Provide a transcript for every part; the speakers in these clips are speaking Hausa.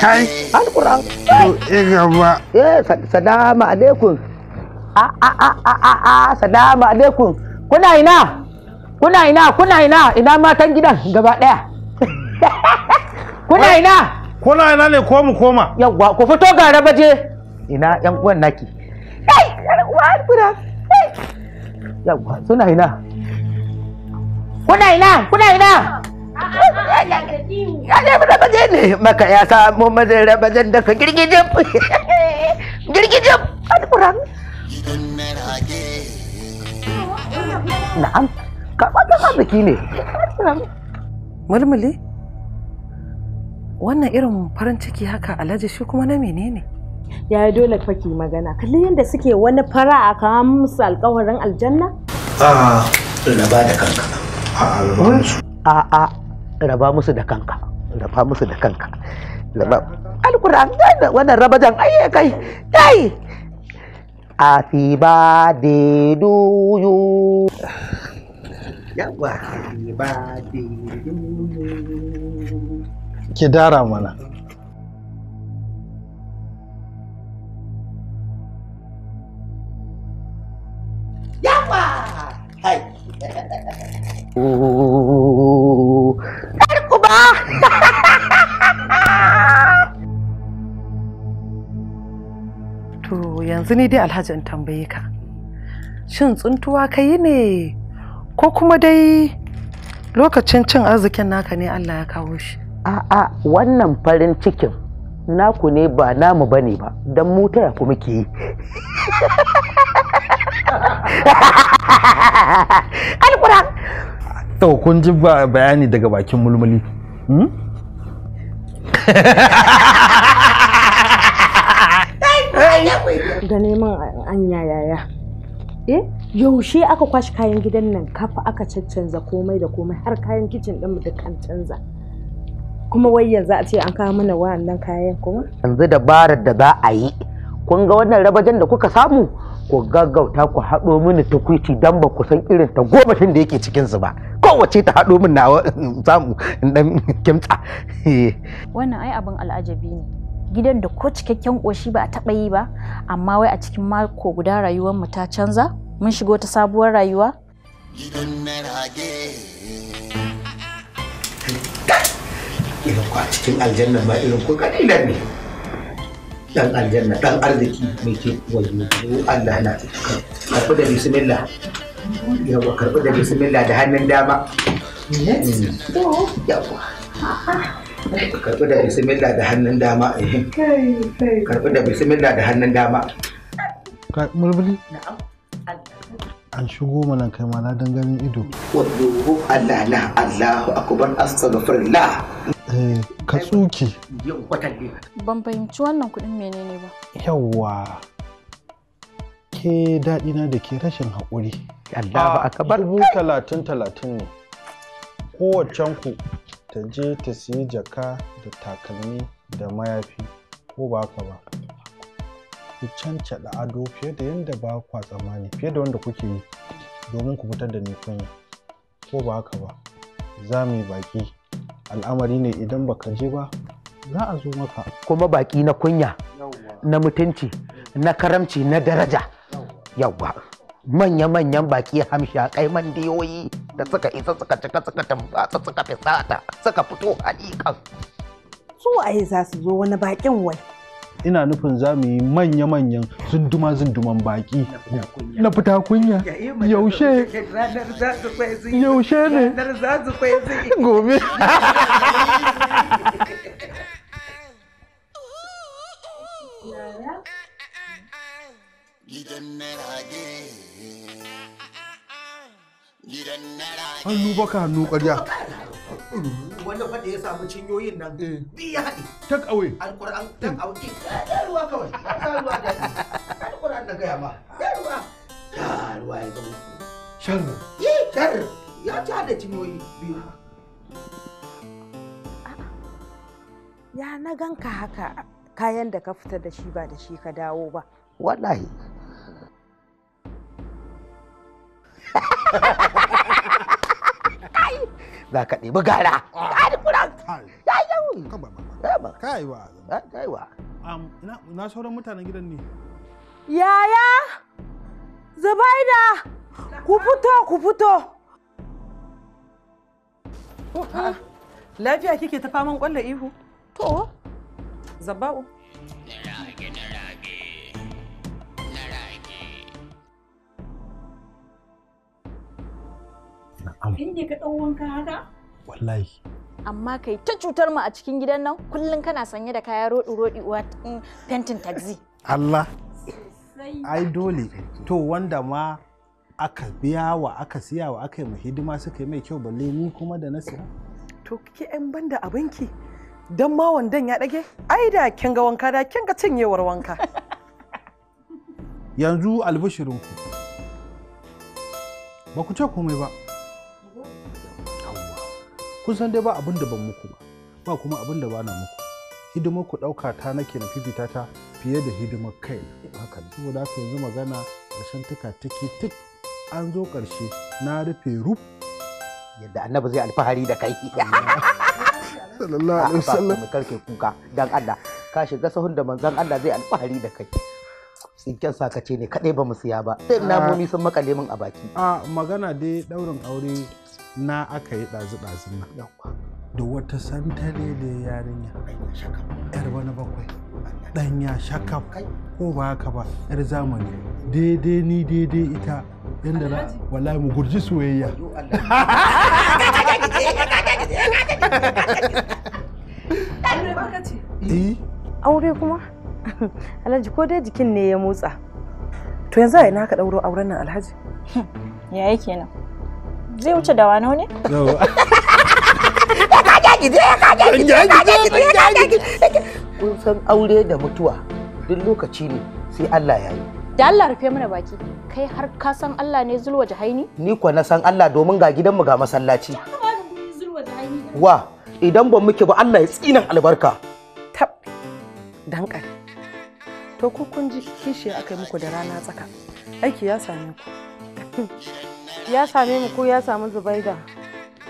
kai alquran to gaba eh salamu alaikum a a a a salamu alaikum kuna ina kuna ina kuna ina ina matan gidan gaba daya kuna ina kuna ina ne ko mu koma yawa ku fito gara baje ina yan uwan naki ai yawa alquran yawa suna ina kuna ina kuna ina ya ne rabaje ne maka ya samu mazin rabajen da ka girgijin girgijin alƙuran na'am karɓar da arziki ne mulmuli wannan irin farin ciki haka alhaji shi kuma na menene ya dole faki magana kalli yadda suke wani fara a kawo musu alƙawarin aljanna ah, a ba da kanka a'a ah, A'a. Ah, raba musu da kanka raba musu da kanka raba alquran wannan jan ai kai dai happy birthday to you yawa asiba de to ki dara mana yawa hai To yanzu ni dai Alhaji in tambaye ka. Shin tsuntuwa ka yi ne ko kuma dai lokacin cin arzikin naka ne Allah ya kawo shi? A'a wannan farin cikin naku ne ba namu ba ne ba don mu taya ku muke yi. Alkura! To kun ji bayani daga bakin mulmuli. Hmm? da neman an yaya eh yaushe aka kwashi kayan gidan nan kafa aka caccanza komai da komai har kayan kicin din mu duk an canza kuma wai yanzu a ce an kawo mana wa'annan kayan kuma yanzu dabarar da za a yi kun ga wannan rabajen da kuka samu ku gaggauta ku haɗo mini tukwici don ba ku san irin ta gobashin da yake su ba wace ta haɗo min nawa samu in dan kimtsa wannan ai abin al'ajabi ne gidan da ko cikakken ƙoshi ba a taɓa yi ba amma wai a cikin mako guda rayuwar mu ta canza mun shigo ta sabuwar rayuwa gidan na rage irin ko a cikin aljanna ba irin ko kalilan ne dan aljanna dan arziki mai ke wajen Allah na tafi da bismillah yawa karɓi da bismillah da hannun dama mm. karɓi da bismillah da hannun dama eh. karɓi da bismillah da hannun dama mulmuli an shigo mana kai ma na ganin ido wallahu allah na allahu akbar astaghfirullah eh, ka ban fahimci wannan kuɗin menene ba yawwa ke daɗina da ke rashin haƙuri. Allah ba aka bar. Dubu talatin talatin ne. Kowaccen ku ta je ta siyi jaka da takalmi da mayafi ko ba ka ba. Ku cancaɗa ado fiye da yadda ba kwa tsammani fiye da wanda kuke yi domin ku fitar da ni kunya ko ba ka ba. Za mu yi baƙi al'amari ne idan baka je ba za a zo maka. Kuma baƙi na kunya na mutunci na karamci na daraja. yawa manya-manyan baki hamsha kai mandiyoyi da suka isa suka cika suka tambata suka fisata suka fito halikan su ai za su zo wani bakin wai ina nufin za mu yi manya-manyan zunduma-zunduman baki na fita kunya yaushe yaushe ne gobe hannu ka hannu ƙarya Wanda fa ya samu cinyoyin nan biya eh. ya haɗe tak away alquran eh. tak away ya ruwa kawai ya ruwa da alquran da gaya ma ya ruwa ya ruwa ya zama shar yi eh, shar ya ci haɗa cinyoyi biyu ya na ganka haka kayan da ka fita da shi ba da shi ka dawo ba wallahi za ka ɗebi gara ƙari ah! kuran ya yi ba ba. kai wa kai wa na sauran mutanen gidan ne yaya zubaida ku fito ku fito lafiya kike ta faman ƙwallon ihu to zabba'u Kai ne ka wanka haka? Wallahi. Amma kai ta cutar mu a cikin gidan nan kullum kana sanye da kaya roɗi-roɗi uwa mm, fentin taxi. Allah. Ai dole. To wanda ma aka biya wa aka siya wa aka yi mu hidima suka yi mai kyau balle ni kuma da na siya. To ke ƴan banda a banki don ma wandan ya ɗage? Ai da kin ga wanka da kin ga cinyewar wanka. Yanzu albishirinku. Ba ku ce komai ba. kun san dai ba abin da ban muku ba ba kuma abin da bana muku hidimar ku ɗauka ta nake na fifita ta fiye da hidimar kai haka saboda haka yanzu magana ƙarshen tuka take tik an zo ƙarshe na rufe ruf yadda annabi zai alfahari da kai sallallahu alaihi wasallam karke kuka dan Allah ka shiga sahun da manzon Allah zai alfahari da kai tsinken sakace ne kadai ba mu siya ba sai namomi sun makale min a baki a magana dai daurin aure na aka yi ɗazu-ɗazun nan da wata santare da yarinya yar wani bakwai ɗanya shakaf ko ba haka ba yar zamani daidai ni daidai ita yadda na wala mu gurji soyayya eh? aure kuma alhaji ko dai jikin ne ya motsa to yanzu a ina ka ɗauro auren nan alhaji ya yake nan zai wuce da wano ne kun san aure da mutuwa duk lokaci ne sai Allah ya yi da Allah rufe mana baki kai har ka san Allah ne zulwa jahaini ni kuwa na san Allah domin ga gidanmu ga masallaci wa idan ban muke ba Allah ya tsinan albarka tab dankali to ku kun ji kishi aka yi muku da rana tsaka aiki ya same ku ya same mu ko ya samu zubaida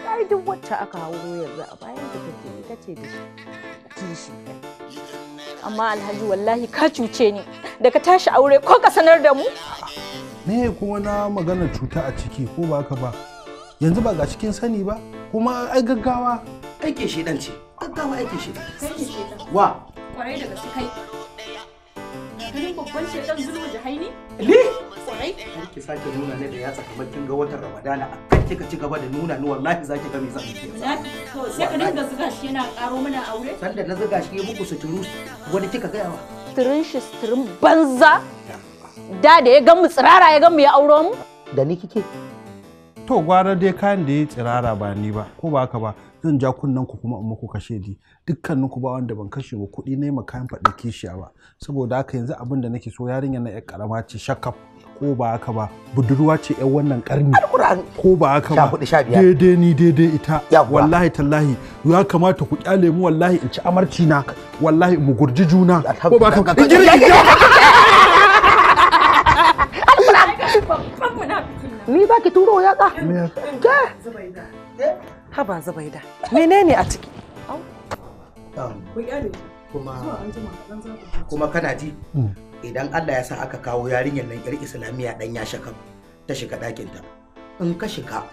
ai duk wacce aka hauro yanzu a bayan da take ita ce da shi? amma alhaji wallahi ka cuce ni da ka tashi aure ko ka sanar da mu me kuma na magana cuta a ciki ko ba ka ba yanzu ba ga cikin sani ba kuma ai gaggawa aikin shedan ce gaggawa aikin shedan wa kwarai da gaske kai ganin babban shedan zulmu jahaini ne ki sake nuna ne da yatsa kamar kin ga watan Ramadana a kan kika ci gaba da nuna ni wallahi zaki ga me zan yi. To sai ka dinga zuga shi yana karo mana aure. Sanda na zuga shi ya muku suturu wani kika ga yawa. Turun shi turun banza. Da da ya gan mu tsirara ya gan mu ya auro mu. Da ni kike. to gwara dai kayan da ya tsirara ba ni ba ko ba haka ba zan ja kunnen ku kuma in muku kashe di dukkanin ku ba wanda ban kashe ba kuɗi ne ma kayan faɗa kishiya ba saboda haka yanzu abin da nake so yarinyar na yar karama ce shakaf ko ba haka ba budurwa ce yan wannan karni ko ba haka ba daidai ni daidai ita wallahi tallahi ya kamata ku kyale mu wallahi in ci amarci na wallahi mu gurji juna ko ba haka Haba Zubaida. Menene a ciki? Kuma kuma kana ji hmm. idan Allah ya sa aka kawo yarinyar nan yar islamiyya dan ya shaka ta shiga ɗakinta. In ka shiga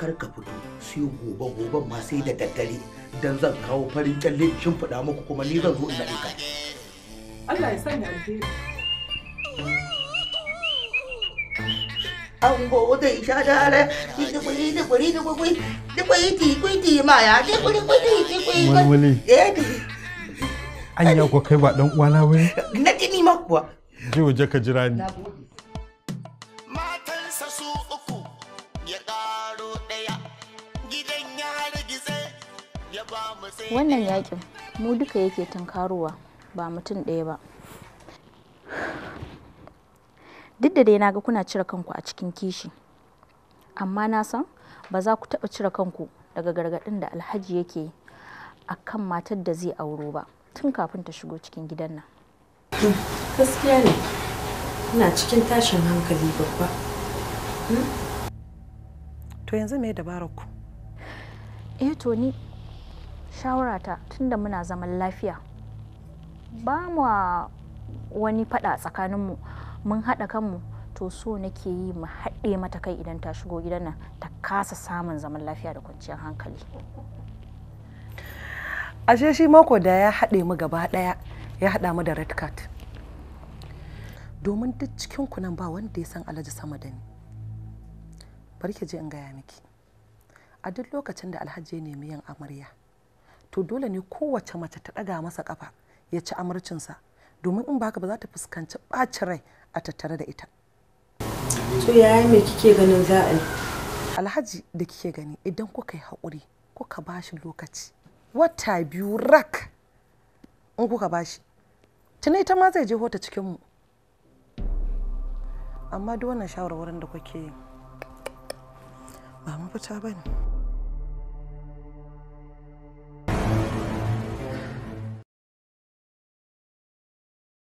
kar ka fito sai gobe gobe ma sai da daddare dan zan kawo farin kyalle shimfiɗa muku kuma ni zan zo in naɗe Allah ya sanya alheri. ango da isha ma ya kai dan uwana na ma kuwa waje ka jira ni matansa su uku mu wannan yakin mu duka yake tunkarowa ba mutum ɗaya ba duk da dai na ga kuna cire kanku a cikin kishi amma na san ba za ku taɓa cire kanku daga gargaɗin da alhaji yake a kan matar da zai auro ba tun kafin ta shigo cikin gidan nan hmm, gaskiya ne ina cikin tashin hankali babba hmm? to yanzu me dabarar ku eh to ni shawarata tunda muna zaman lafiya ba mu wani fada tsakaninmu mu mun haɗa kanmu to so nake yi mu haɗe mata kai idan ta shigo gidan nan ta kasa samun zaman lafiya da kwanciyar hankali ashe shi mako da ya haɗe mu gaba ɗaya ya haɗa mu da red card domin duk cikin nan ba wanda ya san alhaji sama da ni bari je in gaya miki a duk lokacin da alhaji ya nemi amarya to dole ne kowace mace ta ɗaga masa ƙafa ya ci amarcinsa domin in baka ba za ta fuskanci ɓacin rai a tattare da ita to yaya me kike ganin za a yi alhaji da kike gani idan kuka yi haƙuri kuka shi lokaci wata biyu rak in kuka bashi tuni ita ma zai je hota cikinmu amma duk wannan shawarwarin da kuke ba mafita ba ne